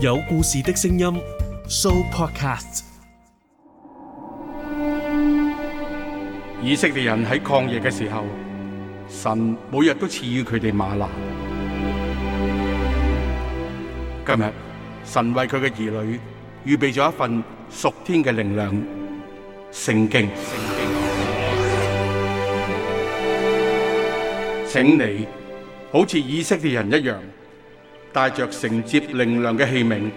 有故事的聲音，So Podcast。以色列人喺曠野嘅時候，神每日都賜予佢哋嗎哪。今日神為佢嘅兒女預備咗一份屬天嘅靈糧，聖經。請你好似以色列人一樣。帶着承接靈糧嘅器皿，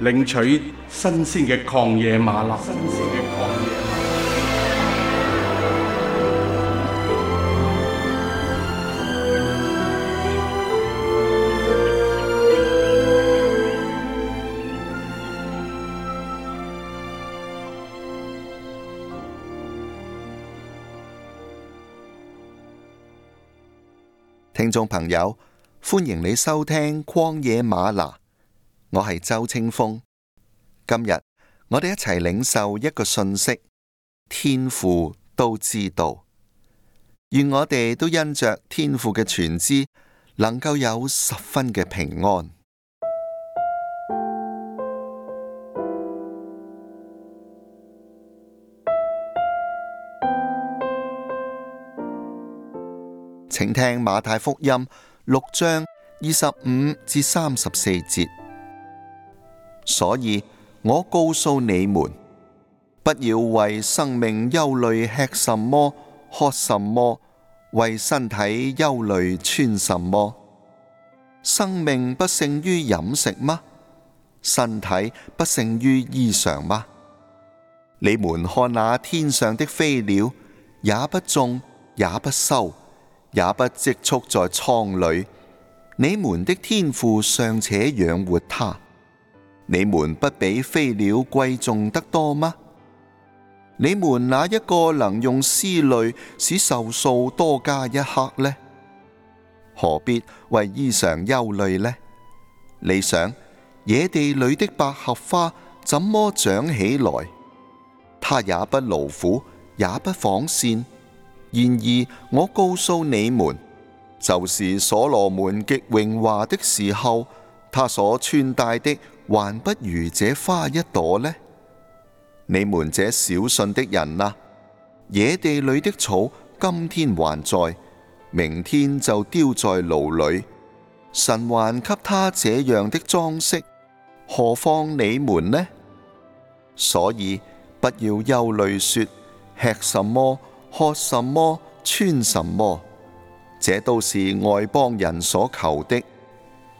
領取新鮮嘅曠野嗎哪。聽眾朋友。歡迎你收聽《曠野嗎哪》，我係周清風。今日我哋一齊領受一個信息，天父都知道。願我哋都因着天父嘅全知，能夠有十分嘅平安。請聽馬太福音。六章二十五至三十四節，所以我告訴你們，不要為生命憂慮，吃什麼，喝什麼；為身體憂慮，穿什麼。生命不勝於飲食嗎？身體不勝於衣裳嗎？你們看那天上的飛鳥，也不種，也不收。也不積蓄在倉裏，你們的天父尚且養活它。你們不比飛鳥貴重得多嗎？你們哪一個能用思慮使壽數多加一刻呢？何必為衣裳憂慮呢？你想野地裏的百合花怎麼長起來？它也不勞苦，也不紡線。然而我告訴你們，就是所羅門極榮華的時候，他所穿戴的，還不如這花一朵呢。你們這小信的人啊，野地裏的草，今天還在，明天就丟在爐裏。神還給他這樣的裝飾，何況你們呢？所以不要憂慮，說吃什麼。喝什麼，穿什麼，這都是外邦人所求的。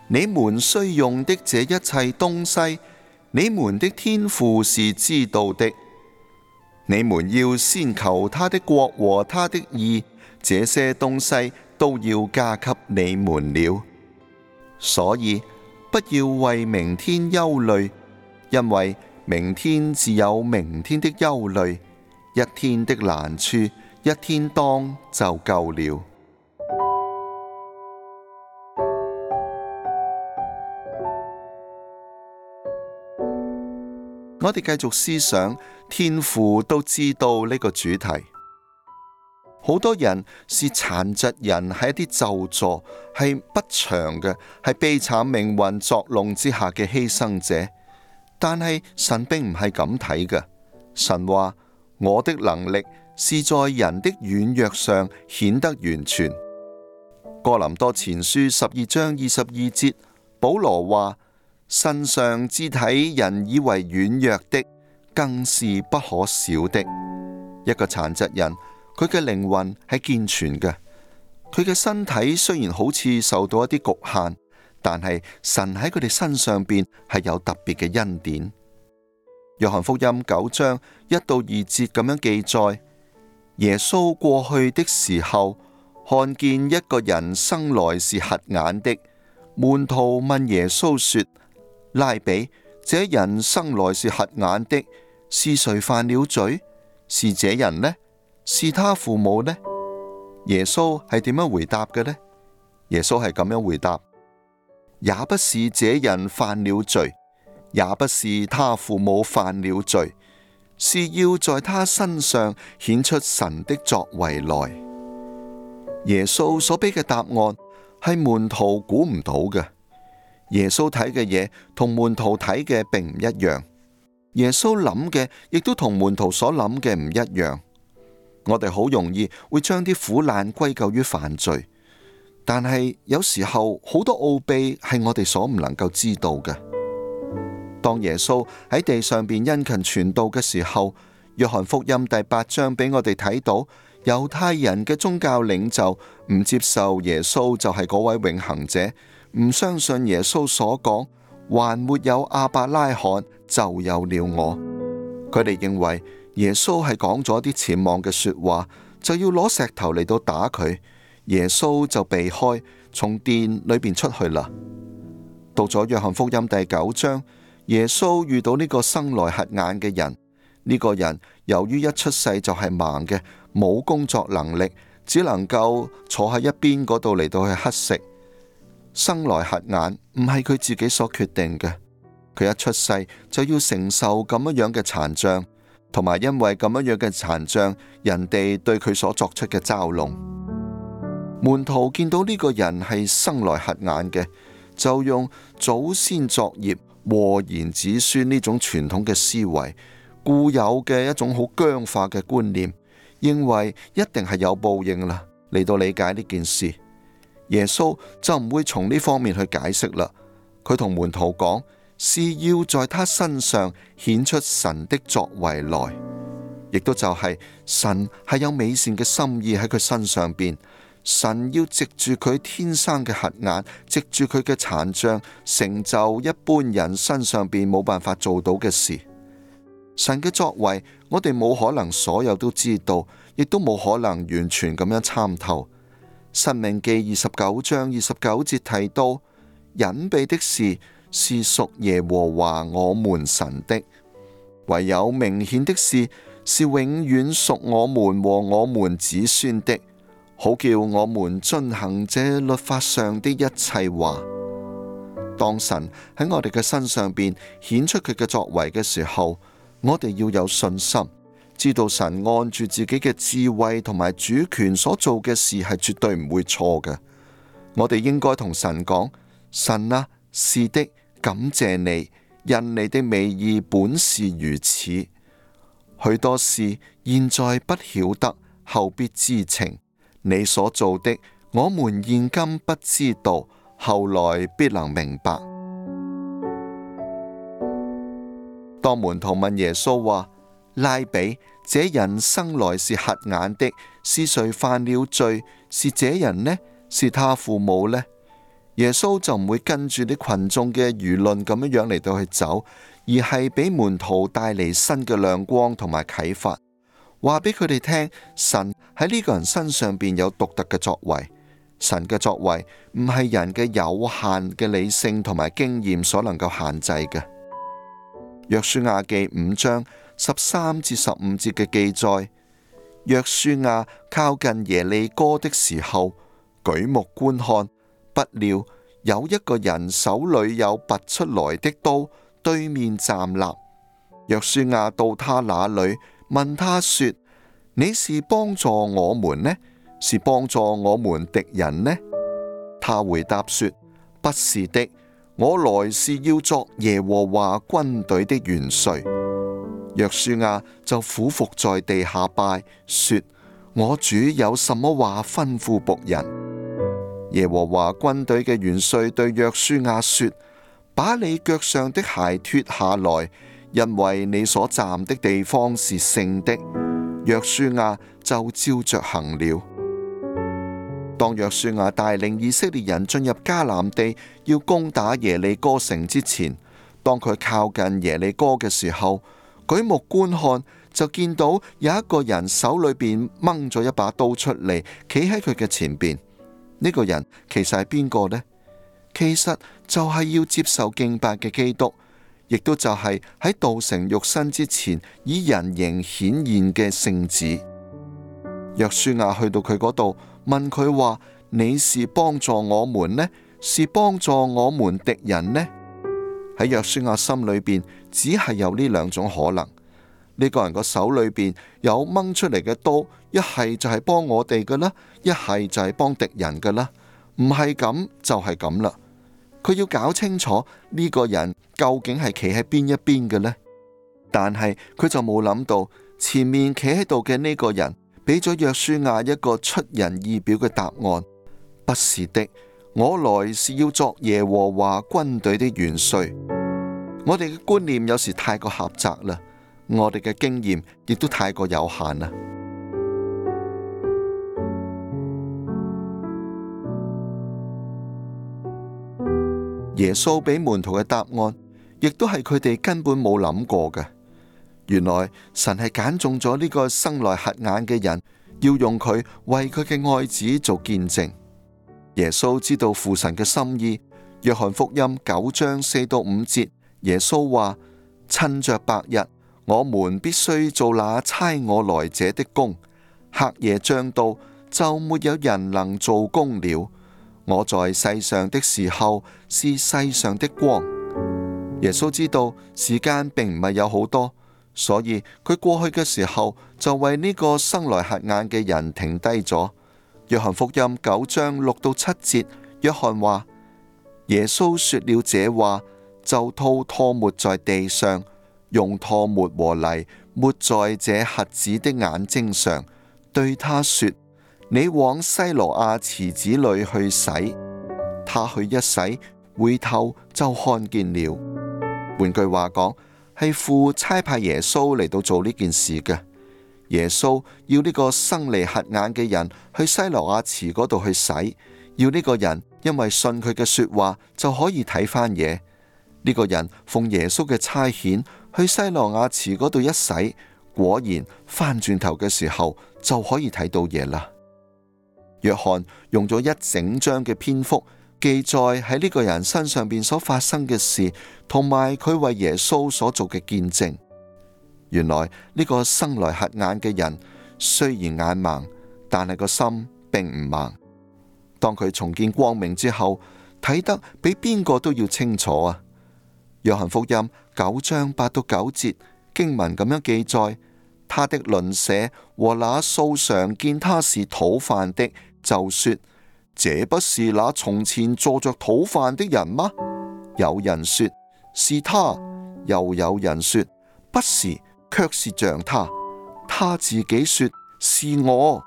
你們需用的這一切東西，你們的天父是知道的。你們要先求他的國和他的義，這些東西都要加給你們了。所以不要為明天憂慮，因為明天自有明天的憂慮，一天的難處，一天當就夠了。我哋繼續思想，天父都知道呢個主題。好多人是殘疾人，係一啲咒詛，係不祥嘅，係悲慘命運作弄之下嘅犧牲者。但係神並唔係咁睇嘅。神話，我的能力是在人的軟弱上顯得完全。哥林多前書十二章二十二節，保羅話：身上肢體人以為軟弱的，更是不可少的。一個殘疾人，佢嘅靈魂係健全嘅，佢嘅身體雖然好似受到一啲局限，但係神喺佢哋身上邊係有特別嘅恩典。約翰福音九章一到二節咁樣記載。耶穌過去的時候，看見一個人生來是瞎眼的，門徒問耶穌說：拉比，這人生來是瞎眼的，是誰犯了罪？是這人呢？是他父母呢？耶穌係點樣回答嘅呢？耶穌係咁樣回答：也不是這人犯了罪，也不是他父母犯了罪。是要在他身上顯出神的作為來。耶穌所俾嘅答案係門徒估唔到嘅。耶穌睇嘅嘢同門徒睇嘅並唔一樣。耶穌諗嘅亦都同門徒所諗嘅唔一樣。我哋好容易會將啲苦難歸咎於犯罪，但係有時候好多奧秘係我哋所唔能夠知道嘅。當耶穌喺地上邊殷勤傳道嘅時候，《約翰福音》第八章俾我哋睇到，猶太人嘅宗教領袖唔接受耶穌就係嗰位永恒者，唔相信耶穌所講，還沒有亞伯拉罕就有了我。佢哋認為耶穌係講咗啲僭妄嘅說話，就要攞石頭嚟到打佢，耶穌就避開，從殿裏邊出去啦。到咗《約翰福音》第九章。耶穌遇到呢個生來瞎眼嘅人，呢個人由於一出世就係盲嘅，冇工作能力，只能夠坐喺一邊嗰度嚟到去乞食。生來瞎眼唔係佢自己所決定嘅，佢一出世就要承受咁樣樣嘅殘障，同埋因為咁樣樣嘅殘障，人哋對佢所作出嘅嘲弄。門徒見到呢個人係生來瞎眼嘅，就用祖先作業。禍延子孫呢種傳統嘅思維，固有嘅一種好僵化嘅觀念，認為一定係有報應啦。嚟到理解呢件事，耶穌就唔會從呢方面去解釋啦。佢同門徒講，是要在他身上顯出神的作為來，亦都就係、是、神係有美善嘅心意喺佢身上邊。神要藉住佢天生嘅瞎眼，藉住佢嘅殘障，成就一般人身上邊冇辦法做到嘅事。神嘅作為，我哋冇可能所有都知道，亦都冇可能完全咁樣參透。申命記二十九章二十九節提到：隱祕的事是，是屬耶和華我們神的，唯有明顯的事是，是永遠屬我們和我們子孫的。好叫我們遵行這律法上的一切話。當神喺我哋嘅身上邊顯出佢嘅作為嘅時候，我哋要有信心，知道神按住自己嘅智慧同埋主權所做嘅事係絕對唔會錯嘅。我哋應該同神講：神啊，是的，感謝你，因你的美意本是如此。許多事現在不曉得，後必知情。你所做的，我們現今不知道，後來必能明白。當門徒問耶穌話：拉比，這人生來是瞎眼的，是誰犯了罪？是這人呢？是他父母呢？耶穌就唔會跟住啲群眾嘅輿論咁樣樣嚟到去走，而係俾門徒帶嚟新嘅亮光同埋啟發，話俾佢哋聽神。喺呢個人身上邊有獨特嘅作為，神嘅作為唔係人嘅有限嘅理性同埋經驗所能夠限制嘅。約書亞記五章十三至十五節嘅記載：約書亞靠近耶利哥的時候，舉目觀看，不料有一個人手裏有拔出來的刀，對面站立。約書亞到他那裏，問他說：你是幫助我們呢，是幫助我們敵人呢？他回答說：不是的，我來是要作耶和華軍隊的元帥。約書亞就俯伏在地下拜，說：我主有什麼話吩咐僕人？耶和華軍隊嘅元帥對約書亞說：把你腳上的鞋脫下來，因為你所站的地方是聖的。約書亞就照着行了。當約書亞帶領以色列人進入迦南地，要攻打耶利哥城之前，當佢靠近耶利哥嘅時候，舉目觀看就見到有一個人手裏邊掹咗一把刀出嚟，企喺佢嘅前邊。呢個人其實係邊個呢？其實就係要接受敬拜嘅基督。亦都就係喺道成肉身之前以人形顯現嘅聖子。約書亞去到佢嗰度問佢話：你是幫助我們呢，是幫助我們敵人呢？喺約書亞心裏邊，只係有呢兩種可能。呢、這個人個手裏邊有掹出嚟嘅刀，一係就係幫我哋噶啦，一係就係幫敵人噶啦。唔係咁就係咁啦。佢要搞清楚呢個人究竟係企喺邊一邊嘅呢？但係佢就冇諗到前面企喺度嘅呢個人俾咗約書亞一個出人意表嘅答案，不是的，我來是要作耶和華軍隊的元帥。我哋嘅觀念有時太過狹窄啦，我哋嘅經驗亦都太過有限啦。耶穌俾門徒嘅答案，亦都係佢哋根本冇諗過嘅。原來神係揀中咗呢個生來瞎眼嘅人，要用佢為佢嘅愛子做見證。耶穌知道父神嘅心意。約翰福音九章四到五節，耶穌話：「趁着白日，我們必須做那差我來者的工；黑夜將到，就沒有人能做工了。我在世上的時候是世上的光。耶穌知道時間並唔係有好多，所以佢過去嘅時候就為呢個生來瞎眼嘅人停低咗。約翰福音九章六到七節，約翰話：耶穌說了這話，就吐唾沫在地上，用唾沫和泥抹在這瞎子的眼睛上，對他說。你往西羅亞池子裏去洗，他去一洗，回頭就看見了。換句話講，係父差派耶穌嚟到做呢件事嘅。耶穌要呢個生嚟瞎眼嘅人去西羅亞池嗰度去洗，要呢個人因為信佢嘅說話就可以睇翻嘢。呢個人奉耶穌嘅差遣去西羅亞池嗰度一洗，果然翻轉頭嘅時候就可以睇到嘢啦。約翰用咗一整張嘅篇幅記載喺呢個人身上邊所發生嘅事，同埋佢為耶穌所做嘅見證。原來呢個生來瞎眼嘅人雖然眼盲，但係個心並唔盲。當佢重見光明之後，睇得比邊個都要清楚啊！約翰福音九章八到九節經文咁樣記載，他的鄰舍和那素常見他是討飯的。就說這不是那從前坐着討飯的人嗎？有人說是他，又有人說不是，卻是像他。他自己說是我。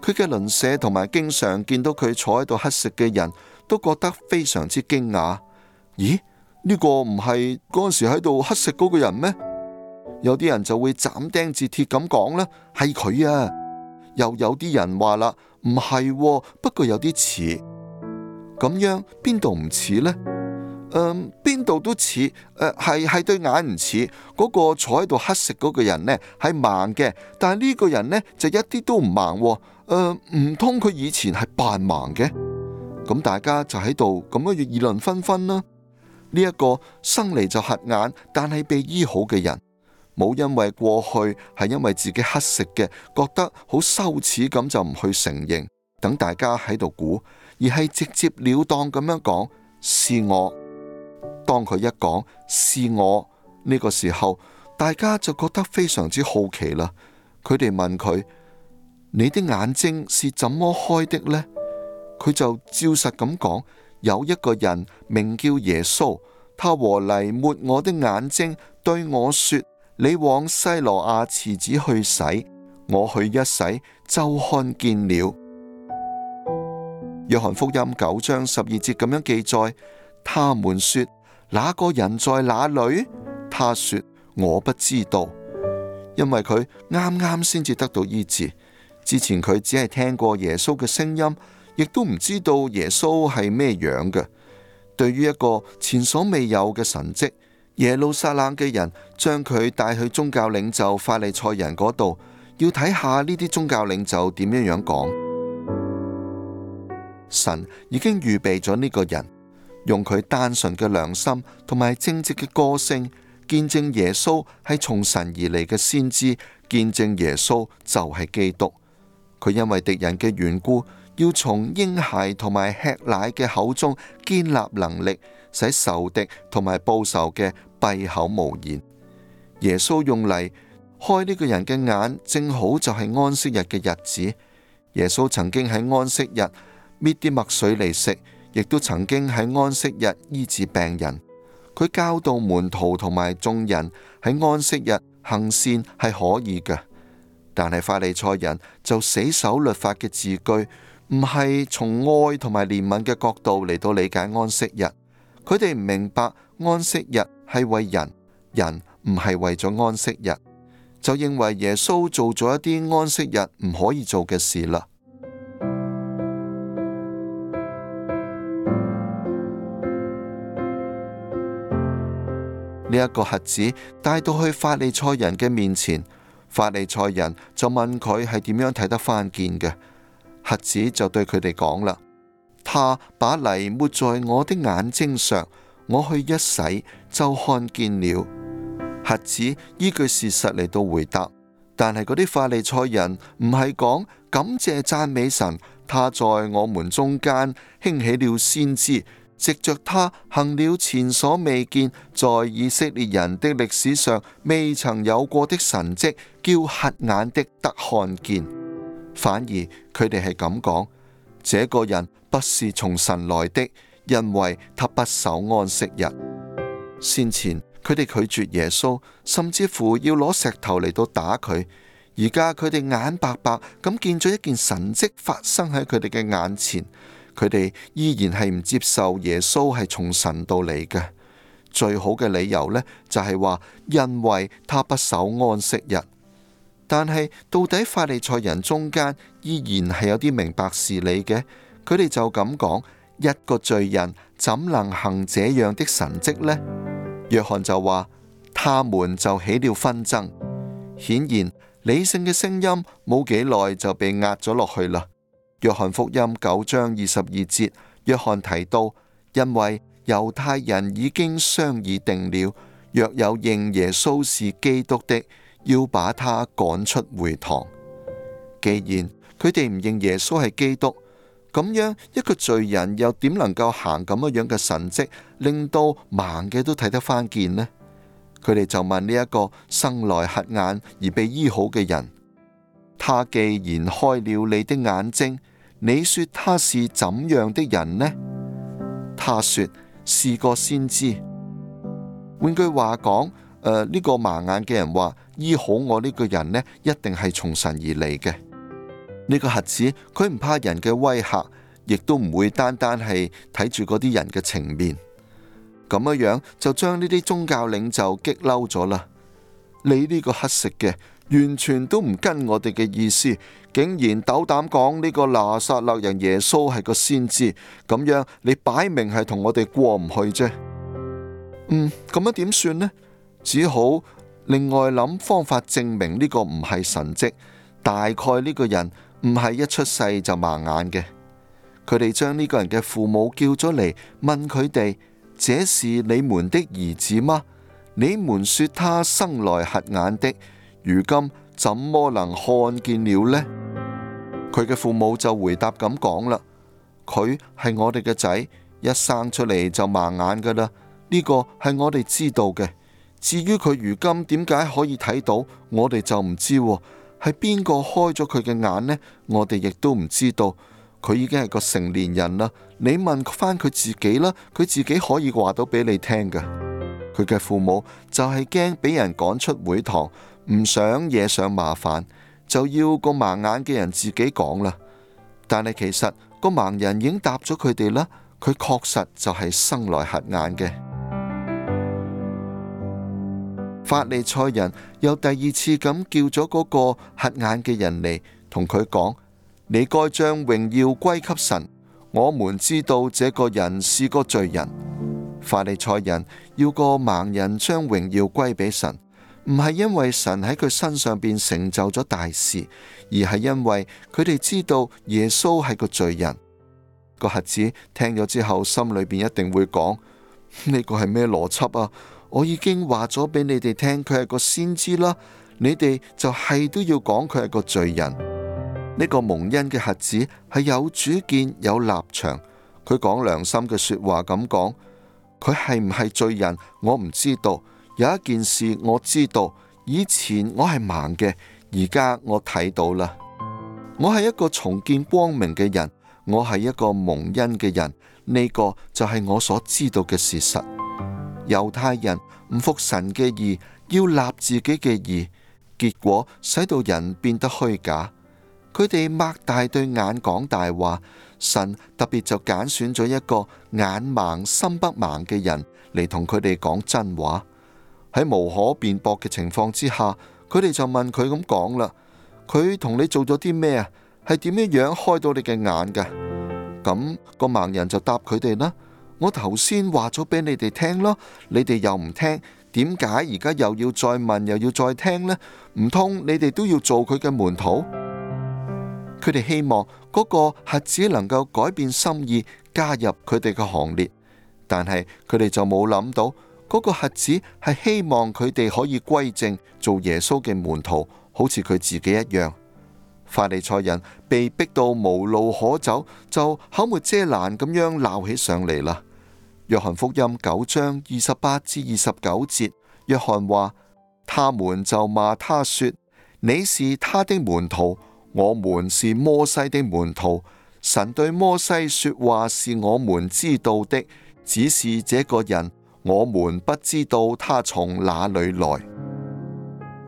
佢嘅鄰舍同埋經常見到佢坐喺度乞食嘅人都覺得非常之驚訝。咦，呢個唔係嗰陣時喺度乞食嗰個人咩？有啲人就會斬釘截鐵咁講啦，係佢啊！又有啲人話啦，唔係，喎，不過有啲似咁樣，邊度唔似呢？誒、嗯，邊度都似誒，係、呃、係對眼唔似，嗰、那個坐喺度乞食嗰個人呢係盲嘅，但係呢個人呢就一啲都唔盲，喎，誒、呃，唔通佢以前係扮盲嘅？咁、嗯、大家就喺度咁樣議論紛紛啦。呢、這、一個生嚟就瞎眼，但係被醫好嘅人。冇因為過去係因為自己乞食嘅，覺得好羞恥，咁就唔去承認，等大家喺度估，而係直接了當咁樣講，是我。當佢一講是我呢個時候，大家就覺得非常之好奇啦。佢哋問佢：你的眼睛是怎麼開的呢？佢就照實咁講：有一個人名叫耶穌，他和泥抹我的眼睛，對我說。你往西羅亞池子去洗，我去一洗，就看見了。約翰福音九章十二節咁樣記載：他們說，哪個人在哪裏？他說：我不知道，因為佢啱啱先至得到醫治，之前佢只係聽過耶穌嘅聲音，亦都唔知道耶穌係咩樣嘅。對於一個前所未有嘅神蹟，耶路撒冷嘅人將佢帶去宗教領袖法利賽人嗰度，要睇下呢啲宗教領袖點樣樣講。神已經預備咗呢個人，用佢單純嘅良心同埋正直嘅個性，見證耶穌係從神而嚟嘅先知，見證耶穌就係基督。佢因為敵人嘅緣故，要從嬰孩同埋吃奶嘅口中建立能力，使仇敵同埋報仇嘅。閉口無言，耶穌用嚟開呢個人嘅眼，正好就係安息日嘅日子。耶穌曾經喺安息日搣啲麥穗嚟食，亦都曾經喺安息日醫治病人。佢教導門徒同埋眾人喺安息日行善係可以嘅，但係法利賽人就死守律法嘅字句，唔係從愛同埋憐憫嘅角度嚟到理解安息日。佢哋唔明白。安息日係為人，人唔係為咗安息日，就認為耶穌做咗一啲安息日唔可以做嘅事啦。呢一個瞎子帶到去法利賽人嘅面前，法利賽人就問佢係點樣睇得返見嘅，瞎子就對佢哋講啦：他把泥抹在我的眼睛上。我去一洗就看見了。瞎子依據事實嚟到回答，但係嗰啲法利賽人唔係講感謝讚美神，他在我們中間興起了先知，藉着他行了前所未見在以色列人的歷史上未曾有過的神蹟，叫瞎眼的得看見。反而佢哋係咁講，這個人不是從神來的。因為他不守安息日。先前佢哋拒絕耶穌，甚至乎要攞石頭嚟到打佢。而家佢哋眼白白咁見咗一件神迹發生喺佢哋嘅眼前，佢哋依然係唔接受耶穌係從神到嚟嘅。最好嘅理由呢，就係話因為他不守安息日。但係到底法利賽人中間依然係有啲明白事理嘅，佢哋就咁講。一個罪人怎能行這樣的神蹟呢？約翰就話，他們就起了紛爭。顯然，理性嘅聲音冇幾耐就被壓咗落去啦。約翰福音九章二十二節，約翰提到，因為猶太人已經商議定了，若有認耶穌是基督的，要把他趕出會堂。既然佢哋唔認耶穌係基督。咁樣一個罪人又點能夠行咁樣嘅神蹟，令到盲嘅都睇得返見呢？佢哋就問呢一個生來瞎眼而被醫好嘅人：他既然開了你的眼睛，你說他是怎樣的人呢？他說：試過先知。換句話講，誒、呃、呢、這個盲眼嘅人話：醫好我呢個人呢，一定係從神而嚟嘅。呢個瞎子佢唔怕人嘅威嚇，亦都唔會單單係睇住嗰啲人嘅情面，咁樣樣就將呢啲宗教領袖激嬲咗啦。你呢個乞食嘅，完全都唔跟我哋嘅意思，竟然斗膽講呢個拿撒勒人耶穌係個先知，咁樣你擺明係同我哋過唔去啫。嗯，咁樣點算呢？只好另外諗方法證明呢個唔係神蹟。大概呢個人唔係一出世就盲眼嘅，佢哋將呢個人嘅父母叫咗嚟，問佢哋：這是你們的兒子嗎？你們說他生來瞎眼的，如今怎麼能看見了呢？佢嘅父母就回答咁講啦：佢係我哋嘅仔，一生出嚟就盲眼噶啦，呢個係我哋知道嘅。至於佢如今點解可以睇到，我哋就唔知。係邊個開咗佢嘅眼呢？我哋亦都唔知道。佢已經係個成年人啦，你問翻佢自己啦，佢自己可以話到俾你聽㗎。佢嘅父母就係驚俾人趕出會堂，唔想惹上麻煩，就要個盲眼嘅人自己講啦。但係其實個盲人已經答咗佢哋啦，佢確實就係生來瞎眼嘅。法利賽人又第二次咁叫咗嗰個瞎眼嘅人嚟同佢講：你該將榮耀歸給神。我們知道這個人是個罪人。法利賽人要個盲人將榮耀歸俾神，唔係因為神喺佢身上邊成就咗大事，而係因為佢哋知道耶穌係個罪人。這個瞎子聽咗之後，心裏邊一定會講：呢、這個係咩邏輯啊？我已經話咗俾你哋聽，佢係個先知啦。你哋就係都要講佢係個罪人。呢、這個蒙恩嘅孩子係有主見、有立場，佢講良心嘅說話咁講。佢係唔係罪人，我唔知道。有一件事我知道，以前我係盲嘅，而家我睇到啦。我係一個重見光明嘅人，我係一個蒙恩嘅人。呢、這個就係我所知道嘅事實。猶太人唔服神嘅義，要立自己嘅義，結果使到人變得虛假。佢哋擘大對眼講大話，神特別就揀選咗一個眼盲心不盲嘅人嚟同佢哋講真話。喺無可辯駁嘅情況之下，佢哋就問佢咁講啦：佢同你做咗啲咩啊？係點樣樣開到你嘅眼嘅？咁個盲人就答佢哋啦。我頭先話咗俾你哋聽咯，你哋又唔聽，點解而家又要再問，又要再聽呢？唔通你哋都要做佢嘅門徒？佢哋希望嗰個瞎子能夠改變心意，加入佢哋嘅行列，但係佢哋就冇諗到嗰個瞎子係希望佢哋可以歸正，做耶穌嘅門徒，好似佢自己一樣。法利賽人被逼到無路可走，就口沒遮攔咁樣鬧起上嚟啦。約翰福音九章二十八至二十九節，約翰話：他們就罵他說：你是他的門徒，我們是摩西的門徒。神對摩西說話是我們知道的，只是這個人我們不知道他從哪裏來。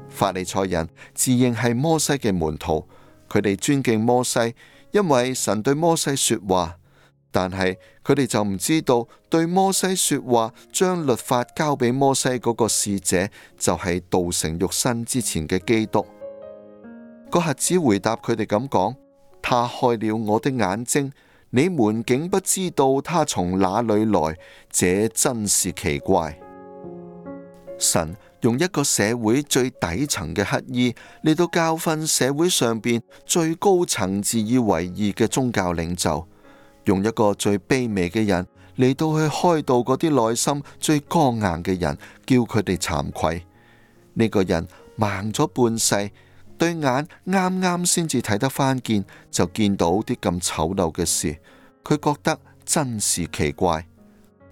法利賽人自認係摩西嘅門徒，佢哋尊敬摩西，因為神對摩西說話。但係佢哋就唔知道，對摩西說話、將律法交俾摩西嗰個使者，就係、是、道成肉身之前嘅基督。那個瞎子回答佢哋咁講：，他開了我的眼睛，你們竟不知道他從哪裏來，這真是奇怪。神用一個社會最底層嘅乞兒嚟到教訓社會上邊最高層自以為義嘅宗教領袖。用一個最卑微嘅人嚟到去開導嗰啲內心最剛硬嘅人，叫佢哋慚愧。呢、這個人盲咗半世，對眼啱啱先至睇得返見，就見到啲咁醜陋嘅事，佢覺得真是奇怪。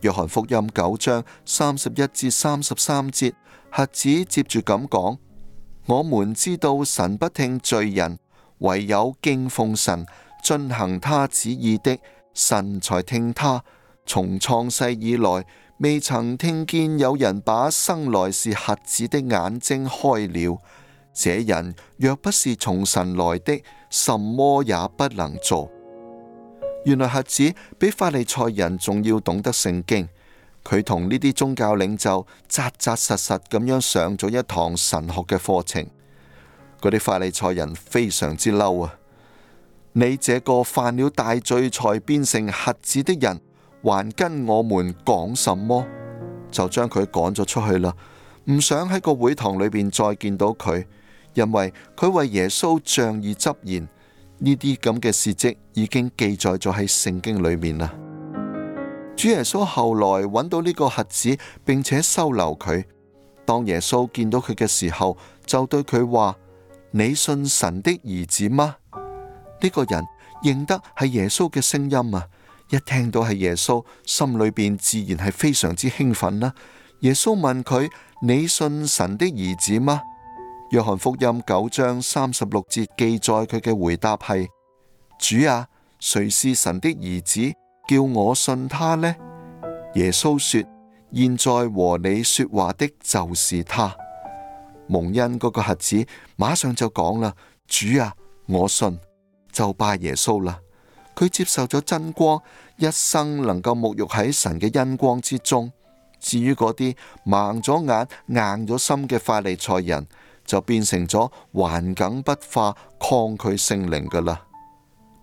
約翰福音九章三十一至三十三節，瞎子接住咁講：，我們知道神不聽罪人，唯有敬奉神、遵行他旨意的。神才聽他，從創世以來未曾聽見有人把生來是瞎子的眼睛開了。這人若不是從神來的，什麼也不能做。原來瞎子比法利賽人仲要懂得聖經，佢同呢啲宗教領袖扎扎實實咁樣上咗一堂神學嘅課程。嗰啲法利賽人非常之嬲啊！你這個犯了大罪才變成瞎子的人，還跟我們講什麼？就將佢趕咗出去啦，唔想喺個會堂裏邊再見到佢，因為佢為耶穌仗義執言，呢啲咁嘅事蹟已經記載咗喺聖經裏面啦。主耶穌後來揾到呢個瞎子，並且收留佢。當耶穌見到佢嘅時候，就對佢話：你信神的兒子嗎？呢個人認得係耶穌嘅聲音啊！一聽到係耶穌，心裏邊自然係非常之興奮啦、啊。耶穌問佢：你信神的兒子嗎？約翰福音九章三十六節記載佢嘅回答係：主啊，誰是神的兒子，叫我信他呢？耶穌說：現在和你說話的就是他。蒙恩嗰個孩子馬上就講啦：主啊，我信。就拜耶穌啦。佢接受咗真光，一生能夠沐浴喺神嘅恩光之中。至於嗰啲盲咗眼、硬咗心嘅法利賽人，就變成咗頑梗不化、抗拒聖靈噶啦。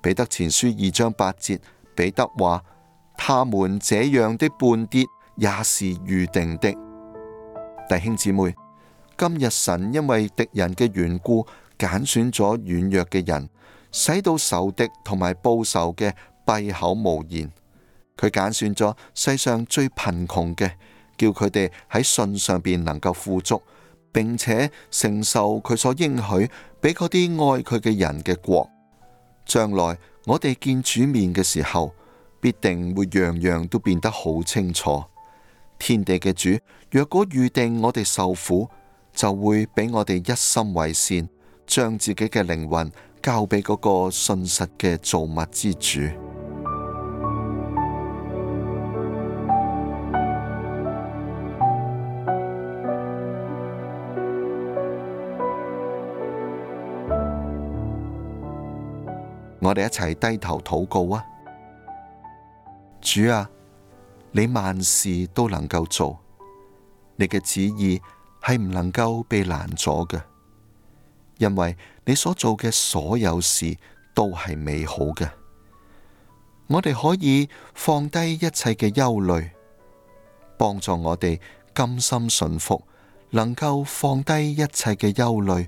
彼得前書二章八節，彼得話：「他們這樣的絆跌也是預定的。弟兄姊妹，今日神因為敵人嘅緣故揀選咗軟弱嘅人。使到仇敵同埋報仇嘅閉口無言。佢揀選咗世上最貧窮嘅，叫佢哋喺信上面能夠富足，並且承受佢所應許俾嗰啲愛佢嘅人嘅國。將來我哋見主面嘅時候，必定會樣樣都變得好清楚。天地嘅主，若果預定我哋受苦，就會俾我哋一心為善，將自己嘅靈魂。交俾嗰個信實嘅造物之主， 我哋一齊低頭禱告啊！主啊，你萬事都能夠做，你嘅旨意係唔能夠被攔咗嘅，因為。你所做嘅所有事都係美好嘅，我哋可以放低一切嘅憂慮，幫助我哋甘心順服，能夠放低一切嘅憂慮，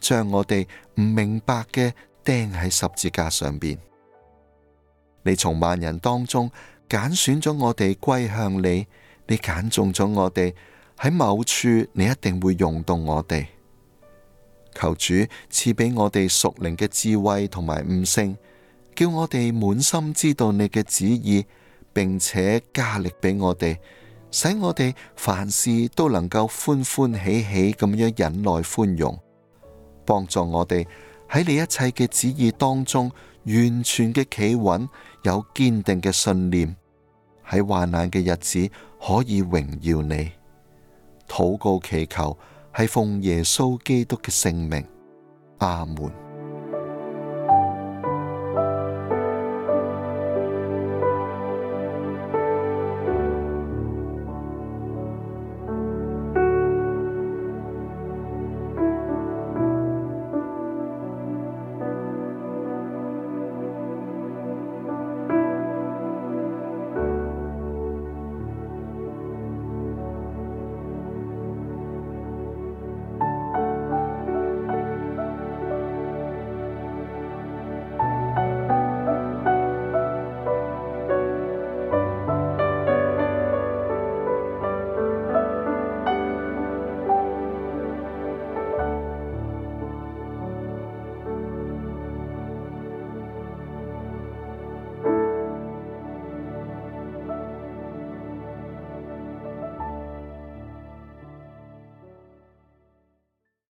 將我哋唔明白嘅釘喺十字架上面。你從萬人當中揀選咗我哋歸向你，你揀中咗我哋喺某處，你一定會用到我哋。求主賜俾我哋屬靈嘅智慧同埋悟性，叫我哋滿心知道你嘅旨意，並且加力俾我哋，使我哋凡事都能夠歡歡喜喜咁樣忍耐寬容，幫助我哋喺你一切嘅旨意當中完全嘅企穩，有堅定嘅信念，喺患難嘅日子可以榮耀你。禱告祈求。係奉耶穌基督嘅聖名，阿門。